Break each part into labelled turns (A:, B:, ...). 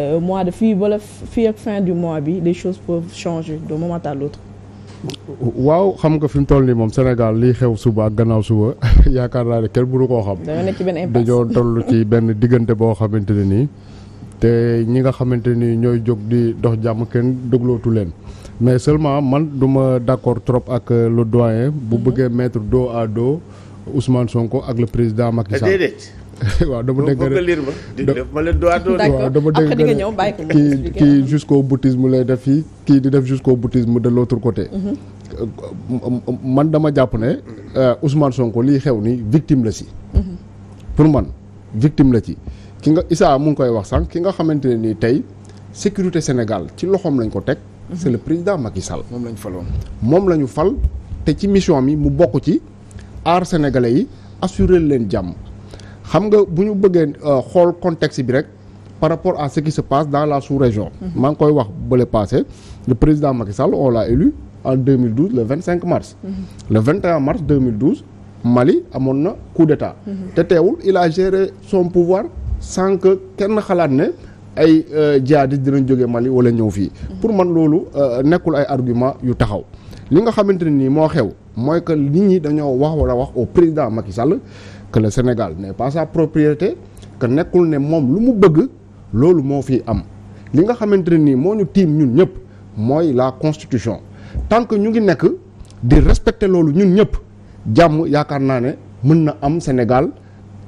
A: Euh, mois de fii wala fii ak fin mois bi les choses peuvent changer d'un moment
B: waaw xam nga fi mu toll nii moom Sénégal liy xew suba ak gannaaw suba yaakaar naa ne kenn mënu koo xam. dañoo toll ci benn diggante boo xamante ne nii. te ñi nga xamante ni ñooy jóg di dox jàmm kenn déglootu leen mais seulement man du ma d'accord trop ak euh, le doyen. bu mhm. bëggee mettre do à do Ousmane Sonko ak le président Macky Sall.
C: waaw dama dégg waaw dama
A: dégg kii kii
B: jusqu'au mu lay def fii kii di def jusqu'au boutisme de l'autre côté mhm. man dama jàpp ne euh, Ousmane Sonko lii xew ni victime la si mhm. pour man victime la ci ki nga Issa mu ngi koy wax sànq ki nga xamante ne nii tey sécurité Sénégal ci loxoom lañ ko teg mhm. c'est le président Macky Sall moom lañ faloon moom la ñu fal te ci mission mi mu bokk ci aar sénégalais yi assurer leen jàmm xam nga bu ñu bëggee euh, xool contexte bi rek par rapport à ce qui se passe dans la sous-région. Mhm. maa ngi koy wax bële passé le président Macky Sall on l'a élu en 2012 le 25 mars. Mhm. le 21 mars 2012 Mali amoon na coup d'état. Mhm. te teewul il a géré son pouvoir sans kenn xalaat ne ay euh, jihadistes dinañ jóge Mali wala ñëw fii. pour man loolu euh, nekkul ay argument yu taxaw. li nga xamante ne nii moo xew mooy que nit ñi dañoo wax wala wax au président Macky Sall. que Sénégal n'est pas sa propriété que nekkul ne moom lu mu bëgg loolu moo fi am li nga xamante ne nii moo ñu tiim ñun ñëpp mooy la constitution tant que ñu ngi nekk di respecter loolu ñun ñëpp jàmm yaakaar naa ne mën na am Sénégal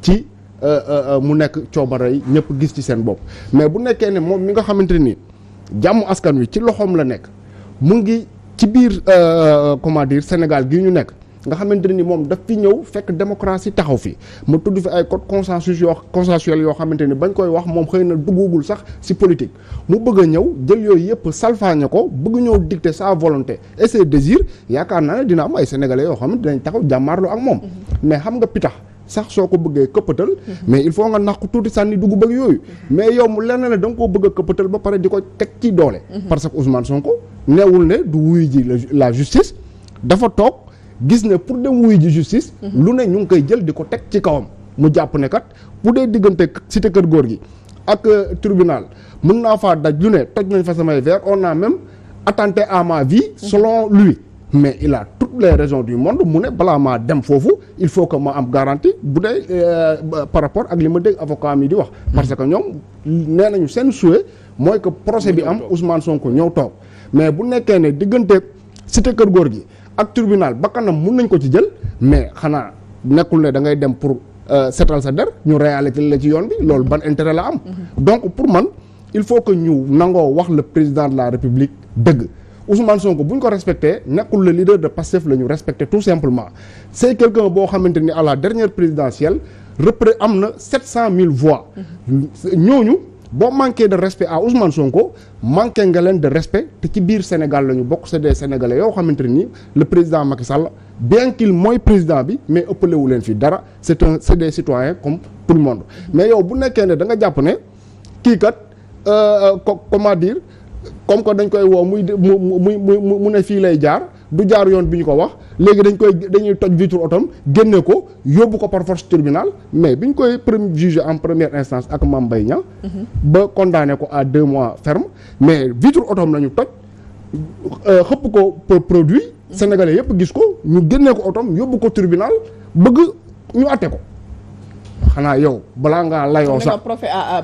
B: ci euh, euh, euh, mu nekk coobara yi ñëpp gis ci seen bopp mais bu nekkee ne moom mi nga xamante ni jàmm askan wi ci loxoom la nekk mu ngi ci biir comment dire Sénégal gi ñu nekk nga xamante ni moom daf fi ñëw fekk démocratie taxaw fi ma tudd fi ay code consensus yoo yoo xamante ni bañ koy wax moom xëy na duggugul sax si politique mu bëgg a ñëw jël yooyu yëpp salfaañe ko bëgg ñëw dicter sa volonté et ses désirs yaakaar naa ne dina am ay sénégalais yoo xam ne dinañ taxaw jàmmaarloo ak moom mm-hmm. mais xam nga pitax sax soo ko bëggee këppatal mm-hmm. mais il faut nga nax ko tuuti sànni dugub ak yooyu mm-hmm. mais yow mu lenn la da koo bëgg a ba pare di ko teg ci doole parce que Ousmane Sonko neewul ne du wuyu ji la justice dafa toog gis ne pour dem wuy ji justice. Mhm. lu ne ñu ngi koy jël di ko teg ci kawam. mu jàpp ne kat bu dee diggante cité kër góor gi ak euh, tribunal mun naa faa daj lu ne toj nañ fa samay verre on naa même attenté à ma vie. Mhm. solon lui mais illa toute toutes les raisons du monde mu ne balaa maa dem foofu il faut que ma am garantie bu dee euh, euh, par rapport ak li ma dégg avocat mi di wax. Mhm. parce que ñoom nee nañu seen souhait mooy que procès bi am Ousmane Sonko ñëw toog mais bu nekkee ne diggante cité kër gi. ak tribunal bakkanam mun nañ ko ci jël mais xanaa nekkul ne da ngay dem pour euh, setal sa der ñu réalité la ci yoon bi loolu ban intérêt la am. Mm-hmm. donc pour man il faut que ñu nangoo wax la président de la république dëgg. Ousmane Sonko bu ñu ko respecté nekkul le leader de Pastef la ñu respecté tout simplement c'est quelqu'un boo xamante ni à la dernière présidentielle repré am na cent 700000 voix. Mm-hmm. ñooñu. boo manqué de respect à Ousmane Sonko manqué nga leen de respect te ci biir Sénégal la ñu bokk c'est des Sénégalais yoo xamante nii le président Macky Sall bien qu'il mooy président bi mais ëppale wu leen fii dara c'est un c'est des citoyens comme tout le monde. mais yow bu nekkee ne da nga jàpp ne kii kat euh, euh, comment dire comme que dañ koy woo muy de muy muy mu ne fii lay jaar. du jaar yoon bi ñu ko wax léegi dañ koy dañuy toj vitre otom génne ko yóbbu ko par force mais bi ñu koy premier jugé en première instance ak mambay Mbaye ba condamné ko à deux mois ferme mais vitre otom la ñu toj euh, xëpp ko pour produit sénégalais yëpp gis ko ñu génnee ko otom yóbbu ko tribinal bëgg ñu àtte ko xanaa yow balaa ngaa layoo sax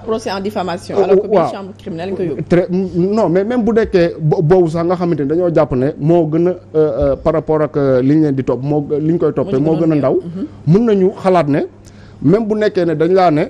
A: procès en diffamation euh, alors que biir chambre criminelle nga yóbbu
B: très mais même bu dekkee boobu sax nga xamante ni dañoo jàpp ne moo gën a euh, euh, par rapport ak li ñu leen di topp moo li ñu koy toppee moo gën a ndaw mun mhm. nañu xalaat ne même bu nekkee ne dañ laa ne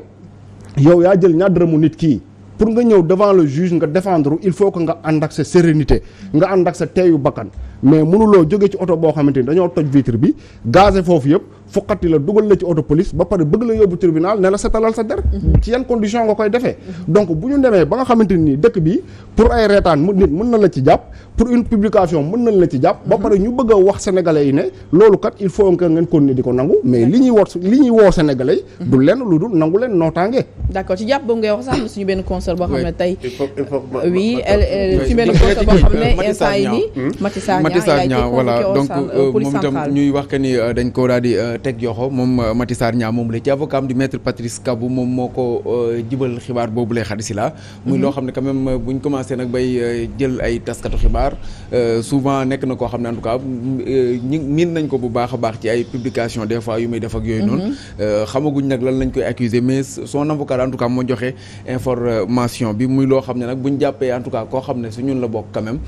B: yow yaa jël ñaar dërëmu nit kii pour nga ñëw devant le juge nga défendre il faut que nga ànd ak sa sérénité nga ànd ak sa teeyu bakkan mais mënuloo jóge ci oto boo xamante ni dañoo toj vitre bi gazé foofu yëpp fuqati la dugal la ci auto police ba pare bëgg la yóbbu tribunal ne la setalal sa der ci yan condition nga koy defee donc bu ñu demee ba nga xamante dëkk bi pour ay reetaan nit mën na la ci jàpp pour une publication mën nañ la ci jàpp ba pare ñu bëgg a wax sénégalais yi ne loolu kat il faut que ngeen continuer di ko nangu mais li ñuy woo li yi du lenn lu dul nangu leen nootaange
A: d'accord ci jàpp boobu ngay wax sax suñu suñu benn console
B: boo teg yoxo moom euh, Mati Sarr Niang moom la ci avocat am di maître Patrice Kabou moom moo ko euh, jibal xibaar boobu lay xadisi la muy mhm. loo xam ne quand même euh, buñ commencé nag bay jël ay taskatu xibaar souvent nekk na koo xam ne en a mhm. moo joxe information bi muy loo xam ne nag buñ jàppee en koo xam ne su ñun la bokk quand même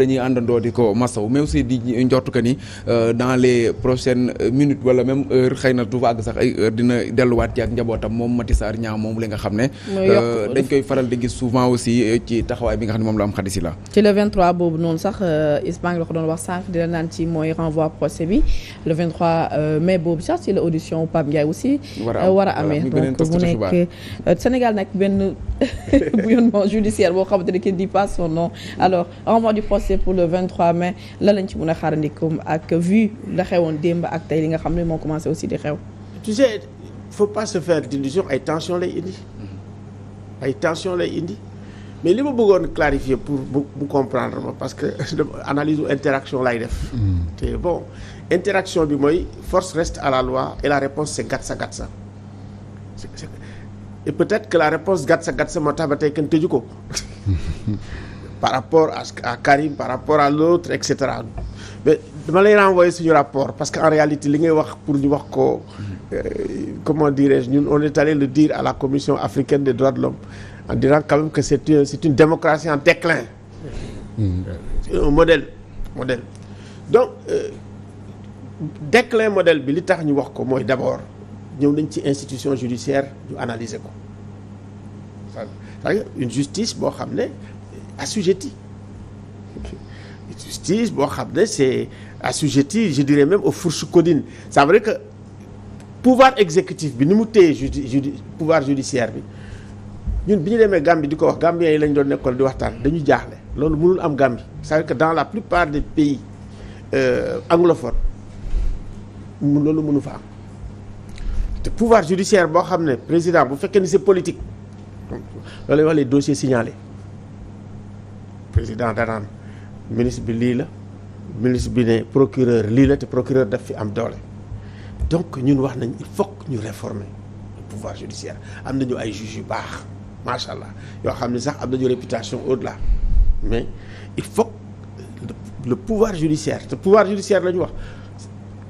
B: dañuy àndandoo di ko masaw mais aussi di njortu que ni dans les prochaines minutes wala même heure xëy na du fa àgg sax dina delluwaat ci ak njabootam moom Mati Sarr moom li nga xam ne euh, dañ koy faral di gis souvent aussi euh, ci taxawaay bi nga xam ne moom la am xaddi si la
A: ci le 23 boobu noonu sax euh, Ismaël la ko doon wax sànq dina naan ci mooy renvoi procès bi la a lañ ci mën a xaarandi ak vu la xewoon démb ak tey li nga xam bi moo commencé aussi di xew.
C: tu sais il faut pas se faire d'illusion ay tension lay indi mm-hmm. ay tension lay indi mais li ma bëggoon clarifier pour bu comprendre ma parce que analyse interaction lay def. Mm-hmm. te bon interaction bi mooy force reste à la loi et la réponse c'est gatsa gatsa et peut-être que la réponse gatsa gatsa moo tax ba tey kenn tëju ko. par rapport à, à par rapport à l'autre et dama lay renvoyer suñu rapport parce que en réalité li ngay wax pour ñu wax ko euh, comment dirais-je ñun on est allé le dire à la commission africaine des droits de l'homme en disant quand même que c'est une c'est une démocratie en déclin mm. un modèle modèle donc euh, déclin modèle bi li tax ñu wax ko mooy d'abord ñëw nañ ci institution judiciaire ñu analyser ko cest à une justice boo xam ne assujettie justice boo xam ne c'est assujetti je dirais même au fourches caudines ça veut dire que pouvoir exécutif bi ni mu téye judi pouvoir judiciaire bi ñun bi ñu demee Gambie di ko wax Gambiens yi lañ doon nekkoon di waxtaan dañu jaaxle loolu mënul am Gambie ça veut dire que dans la plupart des pays euh, anglophones loolu mënu fa am te pouvoir judiciaire boo xam ne président bu fekkee ni si politique loolu lay wax les dossiers signalés président danaan ministre bi lii la ministre bi ne procureur lii la te procureur daf fi am doole donc ñun wax nañ il faut ñu réformer le pouvoir judiciaire am ñu ay juges yu baax macha allah yoo xam ne sax am na ñu réputation au-delà mais il faut le pouvoir judiciaire te pouvoir judiciaire la ñu wax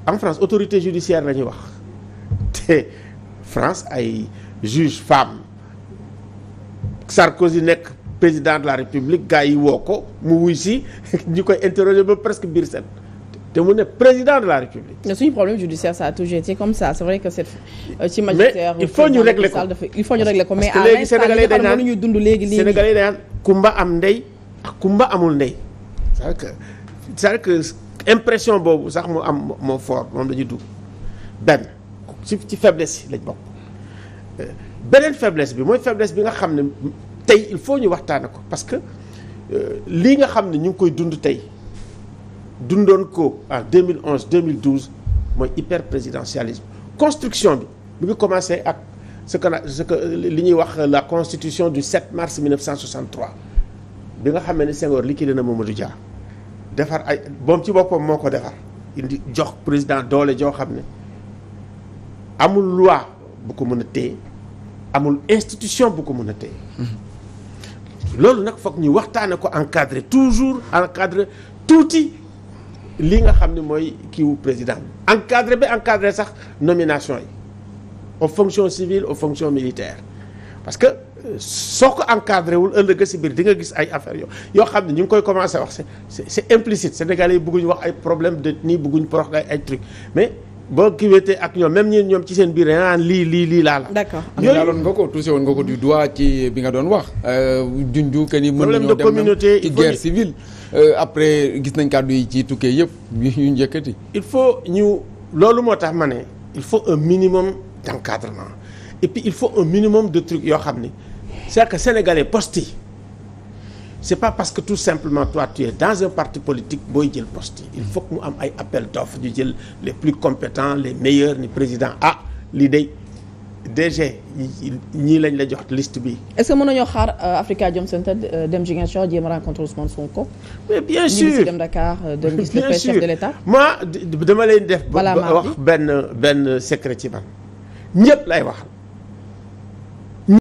C: en France autorité judiciaire la ñuy wax te France ay juge femme Sarkozy nekk président de la république gars yi woo ko mu wuy si ñu koy interroger ba presque biir seen te mu ne président de la république.
A: mais suñu problème judiciaire ça toujours été comme ça c'est vrai que c'est euh, ci magistère mais il faut ñu régler ko il faut ñu régler ko mais. léegi sénégalais dañ naan
C: kumba am ndey ak kumba amul ndey c'est que c'est que impression boobu sax mu am moo fort moom la ñu benn ci ci yi lañ bokk euh, beneen faiblesse bi mooy faiblesse bi nga xam ne. tey il faut ñu waxtaane ko parce que euh, lii nga xam ne ñu ngi koy dund tey dundoon ko en 2011 2012 mooy hyper présidentialisme construction bi mu ngi commencé ak ce que ce que li ñuy wax la constitution du 7 mars 1963 bi nga xam ne Senghor liquide na du Dia defar ay moom ci boppam moo ko defar indi jox président doole joo xam ne amul loi bu ko mën a téye amul institution bu ko mën a téye mm-hmm. loolu nag foog ñu waxtaane ko encadré toujours encadré tuuti li nga xam ne mooy kiiwu président encadré ba encadré sax nomination yi aux fonctions civiles aux fonctions militaires parce que euh, soo ko encadré wul ëllëg si biir di nga gis ay affaires yo yoo xam ne ñu ngi koy commencé wax c'est c'est implicite yi bëgguñu wax ay problème de nii bëgguñu porox ay ay trucs mais boo kiiwee ak ñoom même ñun ñoom ci seen biir naan
B: lii lii lii laa la. d'accord yooyu laaloon nga ko touché woon nga ko du doigt ci bi nga doon wax. Euh, junj que ni mën nañoo dem ci guerre civile. Euh, après gis nañ kàddu yi ci tukkee yëpp
C: yu njëkkati. il faut ñu loolu moo tax ma ne il faut un minimum d'encadrement et puis il faut un minimum de trucs yoo xam ni c'est que sénégalais yi c'est pas parce que tout simplement toi dans un parti politique booy jël poste il faut mu am ay appel d'offre ñu jël les plus compétents les meilleurs ni président ah lii day DG ñii lañ la jox liste bi.
A: est-ce que mën nañoo xaar euh, Africa Jom Center euh, dem Ziguinchor jéem a rencontre Ousmane Sonko. mais bien sûr dem Dakar euh, dem gis chef de l'État.
C: moi dama leen def. voilà wax benn benn secret ci man ñëpp lay wax.